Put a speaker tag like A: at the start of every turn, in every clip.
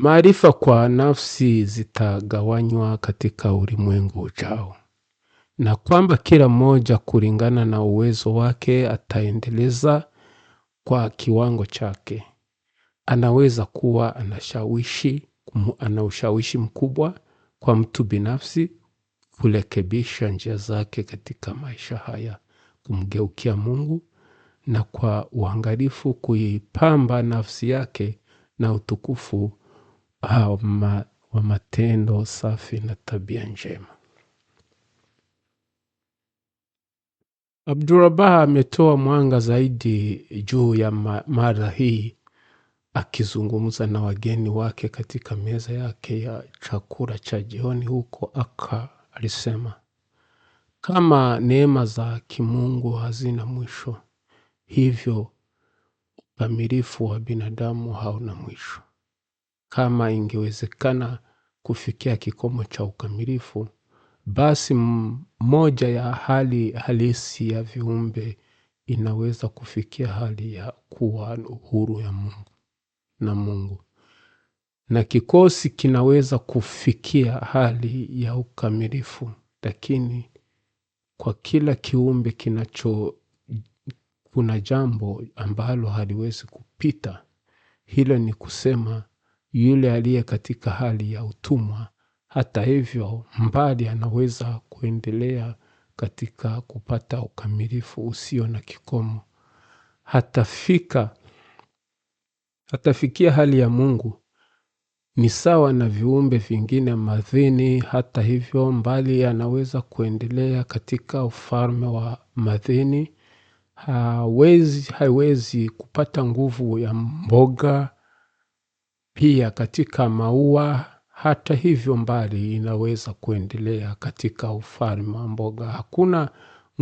A: Maarifa kwa nafsi zitagawanywa katika ulimwengu ujao, na kwamba kila mmoja kulingana na uwezo wake ataendeleza kwa kiwango chake. Anaweza kuwa anashawishi, ana ushawishi mkubwa kwa mtu binafsi kurekebisha njia zake katika maisha haya, kumgeukia Mungu na kwa uangalifu kuipamba nafsi yake na utukufu wa matendo safi na tabia njema. Abdurabah ametoa mwanga zaidi juu ya mada hii akizungumza na wageni wake katika meza yake ya chakula cha jioni huko Aka. Alisema, kama neema za kimungu hazina mwisho, hivyo ukamilifu wa binadamu hauna mwisho kama ingewezekana kufikia kikomo cha ukamilifu, basi moja ya hali halisi ya viumbe inaweza kufikia hali ya kuwa uhuru ya Mungu na Mungu, na kikosi kinaweza kufikia hali ya ukamilifu, lakini kwa kila kiumbe kinacho kuna jambo ambalo haliwezi kupita. Hilo ni kusema yule aliye katika hali ya utumwa. Hata hivyo, mbali anaweza kuendelea katika kupata ukamilifu usio na kikomo. Hatafika, hatafikia hali ya Mungu ni sawa na viumbe vingine madhini. Hata hivyo, mbali anaweza kuendelea katika ufalme wa madhini. Hawezi, haiwezi kupata nguvu ya mboga pia katika maua. Hata hivyo mbali inaweza kuendelea katika ufalme wa mboga. Hakuna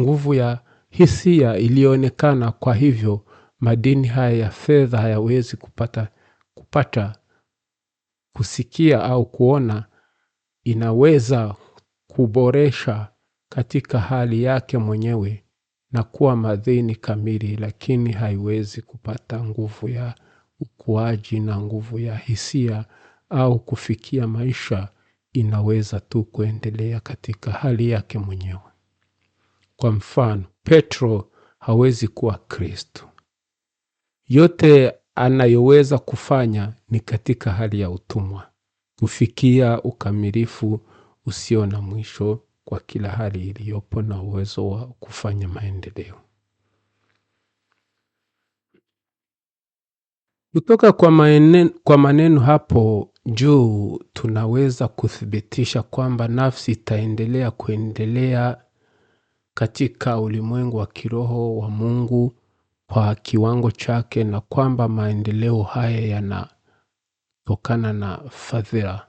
A: nguvu ya hisia iliyoonekana, kwa hivyo madini haya ya fedha hayawezi kupata, kupata kusikia au kuona. Inaweza kuboresha katika hali yake mwenyewe na kuwa madini kamili, lakini haiwezi kupata nguvu ya ukuaji na nguvu ya hisia au kufikia maisha inaweza tu kuendelea katika hali yake mwenyewe. Kwa mfano, Petro hawezi kuwa Kristo. Yote anayoweza kufanya ni katika hali ya utumwa, kufikia ukamilifu usio na mwisho kwa kila hali iliyopo na uwezo wa kufanya maendeleo. Kutoka kwa maneno, kwa maneno hapo juu tunaweza kuthibitisha kwamba nafsi itaendelea kuendelea katika ulimwengu wa kiroho wa Mungu kwa kiwango chake na kwamba maendeleo haya yanatokana na fadhila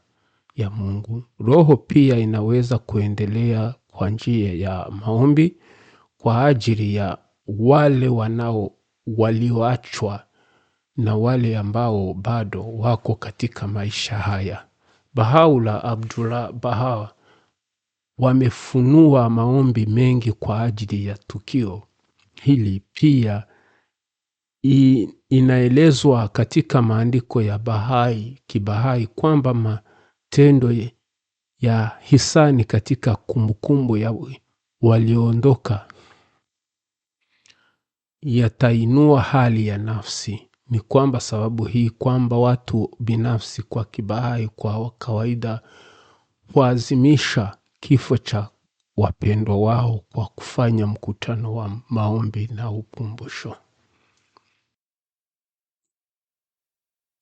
A: ya Mungu. Roho pia inaweza kuendelea kwa njia ya maombi kwa ajili ya wale wanao walioachwa na wale ambao bado wako katika maisha haya. Bahaula Abdullah Baha wamefunua maombi mengi kwa ajili ya tukio hili. Pia inaelezwa katika maandiko ya Bahai Kibahai kwamba matendo ya hisani katika kumbukumbu ya walioondoka yatainua hali ya nafsi ni kwamba sababu hii kwamba watu binafsi kwa kibahai kwa kawaida huazimisha kifo cha wapendwa wao kwa kufanya mkutano wa maombi na ukumbusho.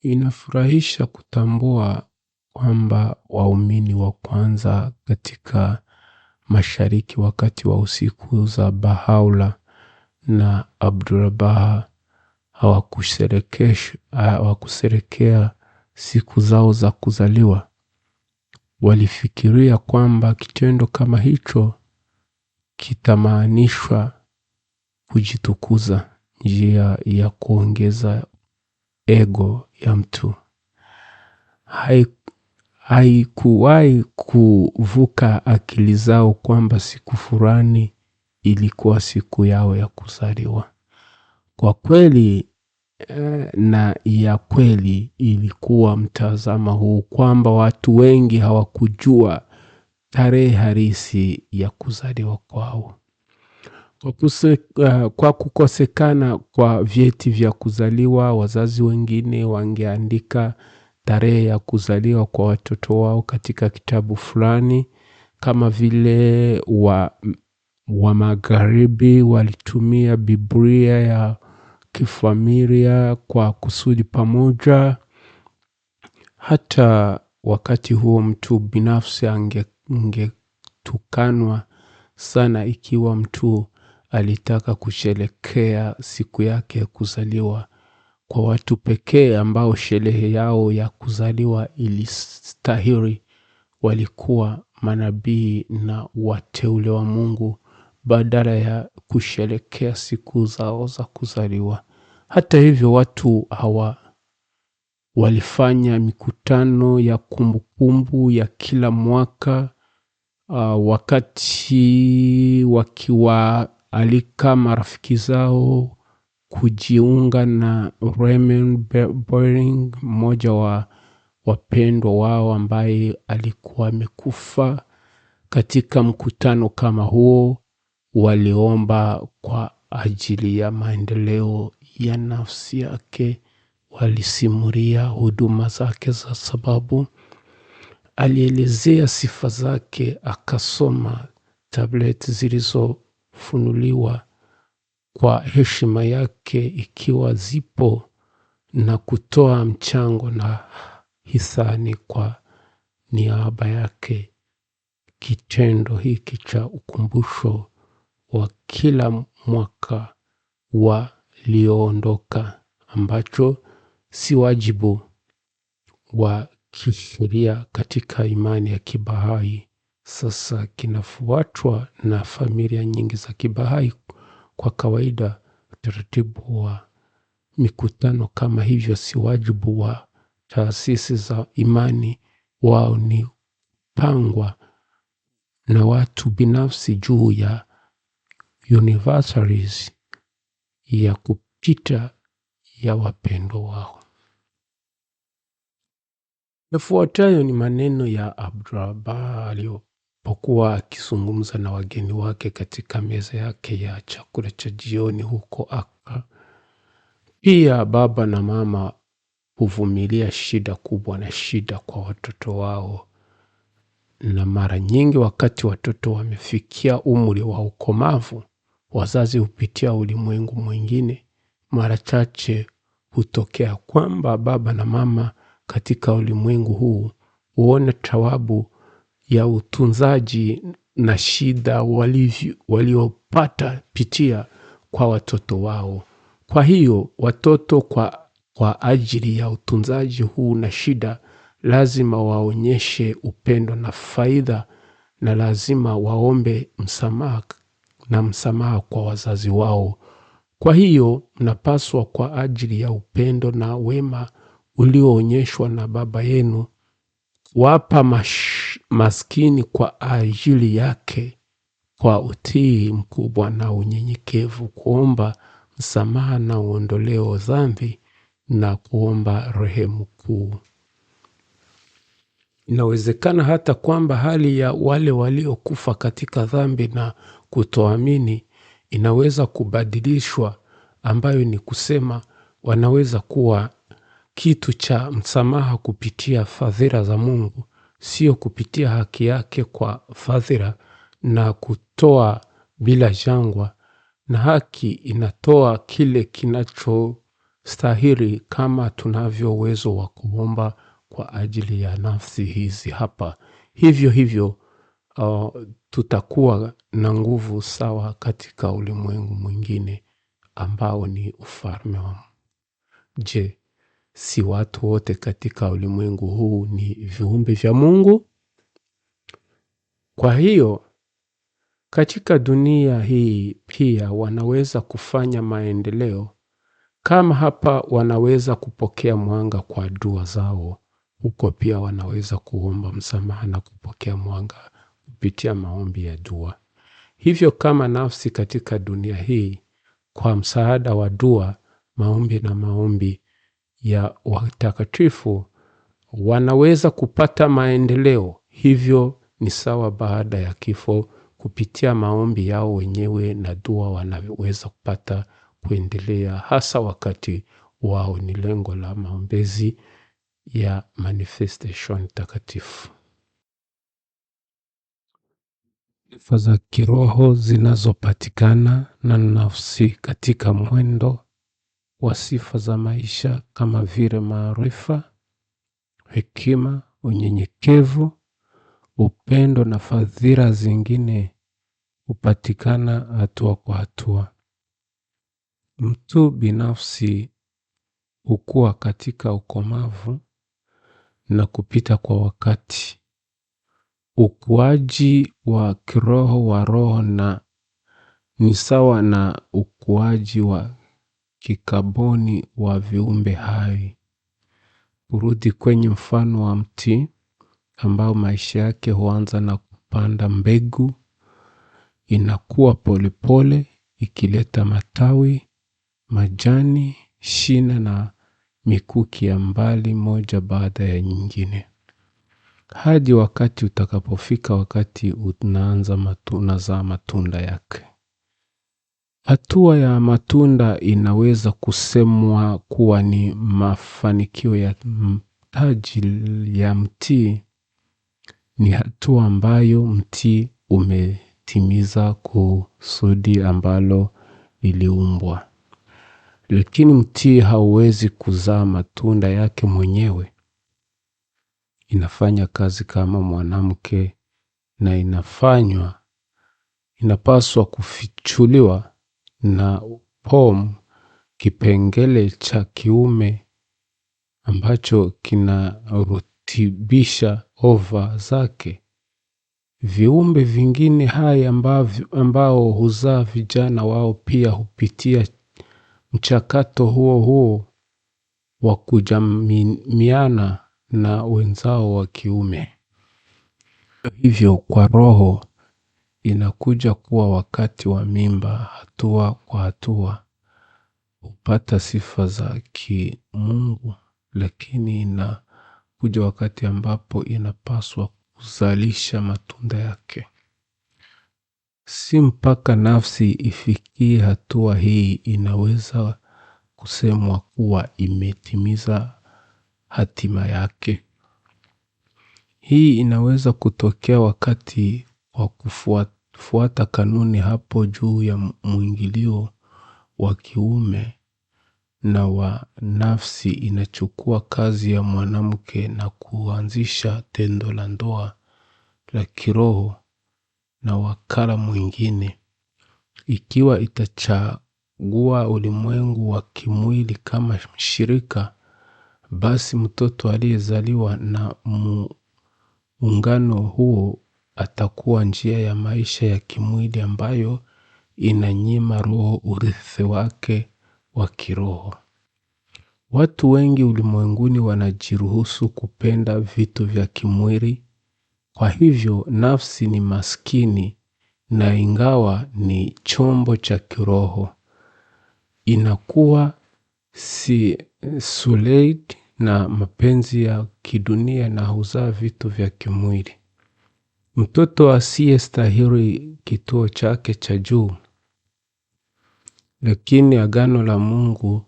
A: Inafurahisha kutambua kwamba waumini wa kwanza katika mashariki wakati wa usiku za Bahaula na Abdurabaha hawakuserekea ah, siku zao za kuzaliwa. Walifikiria kwamba kitendo kama hicho kitamaanishwa kujitukuza, njia ya kuongeza ego ya mtu. Haikuwahi kuvuka akili zao kwamba siku fulani ilikuwa siku yao ya kuzaliwa. Kwa kweli Eh, na ya kweli ilikuwa mtazama huu kwamba watu wengi hawakujua tarehe harisi ya kuzaliwa kwao. Kwa, kuse, uh, kwa kukosekana kwa vyeti vya kuzaliwa, wazazi wengine wangeandika tarehe ya kuzaliwa kwa watoto wao katika kitabu fulani, kama vile wa, wa magharibi walitumia Biblia ya kifamilia kwa kusudi pamoja. Hata wakati huo mtu binafsi angetukanwa sana ikiwa mtu alitaka kusherekea siku yake kuzaliwa kwa watu pekee ambao sherehe yao ya kuzaliwa ilistahili walikuwa manabii na wateule wa Mungu badala ya kusherekea siku zao za kuzaliwa. Hata hivyo watu hawa walifanya mikutano ya kumbukumbu kumbu ya kila mwaka uh, wakati wakiwaalika marafiki zao kujiunga na Raymond Boring, mmoja wa wapendwa wao ambaye alikuwa amekufa. Katika mkutano kama huo, waliomba kwa ajili ya maendeleo ya nafsi yake walisimuria huduma zake za sababu alielezea sifa zake akasoma tablet zilizofunuliwa kwa heshima yake ikiwa zipo na kutoa mchango na hisani kwa niaba yake. Kitendo hiki cha ukumbusho wa kila mwaka wa iliyoondoka ambacho si wajibu wa kisheria katika imani ya Kibahai. Sasa kinafuatwa na familia nyingi za Kibahai kwa kawaida. Utaratibu wa mikutano kama hivyo si wajibu wa taasisi za imani, wao ni pangwa na watu binafsi juu ya anniversaries ya kupita ya wapendwa wao. Yafuatayo ni maneno ya Abdraba aliyopokuwa akizungumza na wageni wake katika meza yake ya chakula cha jioni huko aka Pia baba na mama huvumilia shida kubwa na shida kwa watoto wao, na mara nyingi wakati watoto wamefikia umri wa ukomavu wazazi hupitia ulimwengu mwingine, mara chache hutokea kwamba baba na mama katika ulimwengu huu huone tawabu ya utunzaji na shida waliopata pitia kwa watoto wao. Kwa hiyo watoto kwa, kwa ajili ya utunzaji huu na shida lazima waonyeshe upendo na faida na lazima waombe msamaha na msamaha kwa wazazi wao. Kwa hiyo mnapaswa kwa ajili ya upendo na wema ulioonyeshwa na Baba yenu wapa mash, maskini kwa ajili yake kwa utii mkubwa na unyenyekevu, kuomba msamaha na uondoleo dhambi na kuomba rehemu kuu. Inawezekana hata kwamba hali ya wale waliokufa katika dhambi na kutoamini inaweza kubadilishwa ambayo ni kusema wanaweza kuwa kitu cha msamaha kupitia fadhila za Mungu, sio kupitia haki yake kwa fadhila na kutoa bila jangwa, na haki inatoa kile kinachostahili kama tunavyo uwezo wa kuomba kwa ajili ya nafsi hizi hapa. Hivyo hivyo, uh, tutakuwa na nguvu sawa katika ulimwengu mwingine ambao ni ufalme wa Je, si watu wote katika ulimwengu huu ni viumbe vya Mungu? Kwa hiyo katika dunia hii pia wanaweza kufanya maendeleo kama hapa wanaweza kupokea mwanga kwa dua zao, huko pia wanaweza kuomba msamaha na kupokea mwanga kupitia maombi ya dua. Hivyo kama nafsi katika dunia hii, kwa msaada wa dua, maombi na maombi ya watakatifu, wanaweza kupata maendeleo. Hivyo ni sawa, baada ya kifo, kupitia maombi yao wenyewe na dua, wanaweza kupata kuendelea, hasa wakati wao ni lengo la maombezi ya Manifestation Takatifu. Sifa za kiroho zinazopatikana na nafsi katika mwendo wa sifa za maisha kama vile maarifa, hekima, unyenyekevu, upendo na fadhila zingine hupatikana hatua kwa hatua. Mtu binafsi hukua katika ukomavu na kupita kwa wakati. Ukuaji wa kiroho wa roho na ni sawa na ukuaji wa kikaboni wa viumbe hai. Kurudi kwenye mfano wa mti ambao maisha yake huanza na kupanda mbegu, inakua polepole ikileta matawi, majani, shina na mikuki ya mbali moja baada ya nyingine hadi wakati utakapofika wakati unazaa matunda yake. Hatua ya matunda inaweza kusemwa kuwa ni mafanikio ya taji ya mti. Ni hatua ambayo mti umetimiza kusudi ambalo iliumbwa Lakini mti hauwezi kuzaa matunda yake mwenyewe inafanya kazi kama mwanamke na inafanywa inapaswa kufichuliwa na POM kipengele cha kiume ambacho kinarutibisha ova zake. Viumbe vingine hai ambao huzaa vijana wao pia hupitia mchakato huo huo wa kujamiiana na wenzao wa kiume. Hivyo kwa roho inakuja kuwa wakati wa mimba hatua kwa hatua hupata sifa za kimungu, lakini inakuja wakati ambapo inapaswa kuzalisha matunda yake. Si mpaka nafsi ifikie hatua hii inaweza kusemwa kuwa imetimiza hatima yake. Hii inaweza kutokea wakati wa kufuata kanuni hapo juu ya mwingilio wa kiume na wa nafsi inachukua kazi ya mwanamke na kuanzisha tendo la ndoa la kiroho na wakala mwingine. Ikiwa itachagua ulimwengu wa kimwili kama shirika, basi mtoto aliyezaliwa na muungano huo atakuwa njia ya maisha ya kimwili ambayo inanyima roho urithi wake wa kiroho. Watu wengi ulimwenguni wanajiruhusu kupenda vitu vya kimwili, kwa hivyo nafsi ni maskini na ingawa ni chombo cha kiroho, inakuwa si eh, suleid na mapenzi ya kidunia na huzaa vitu vya kimwili. Mtoto asiyestahili kituo chake cha juu. Lakini agano la Mungu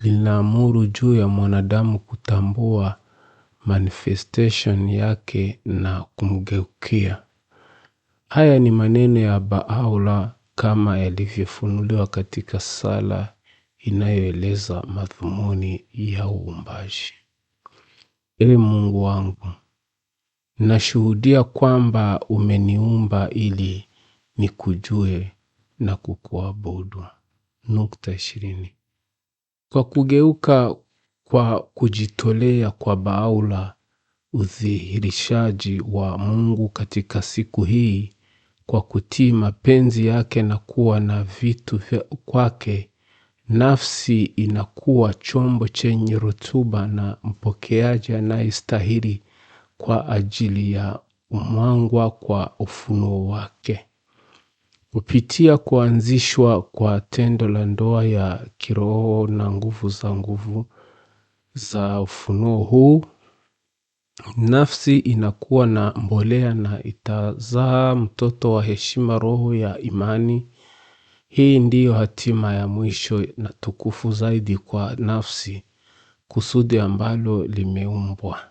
A: linaamuru juu ya mwanadamu kutambua manifestation yake na kumgeukia. Haya ni maneno ya Baha'u'llah kama yalivyofunuliwa katika sala inayoeleza madhumuni ya uumbaji. Ewe Mungu wangu, nashuhudia kwamba umeniumba ili nikujue na kukuabudu. Nukta ishirini. Kwa kugeuka kwa kujitolea kwa Baha'u'llah, udhihirishaji wa Mungu katika siku hii kwa kutii mapenzi yake na kuwa na vitu kwake Nafsi inakuwa chombo chenye rutuba na mpokeaji anayestahili kwa ajili ya umwangwa kwa ufunuo wake. Kupitia kuanzishwa kwa tendo la ndoa ya kiroho na nguvu za nguvu za ufunuo huu, nafsi inakuwa na mbolea na itazaa mtoto wa heshima, roho ya imani hii ndiyo hatima ya mwisho na tukufu zaidi kwa nafsi, kusudi ambalo limeumbwa.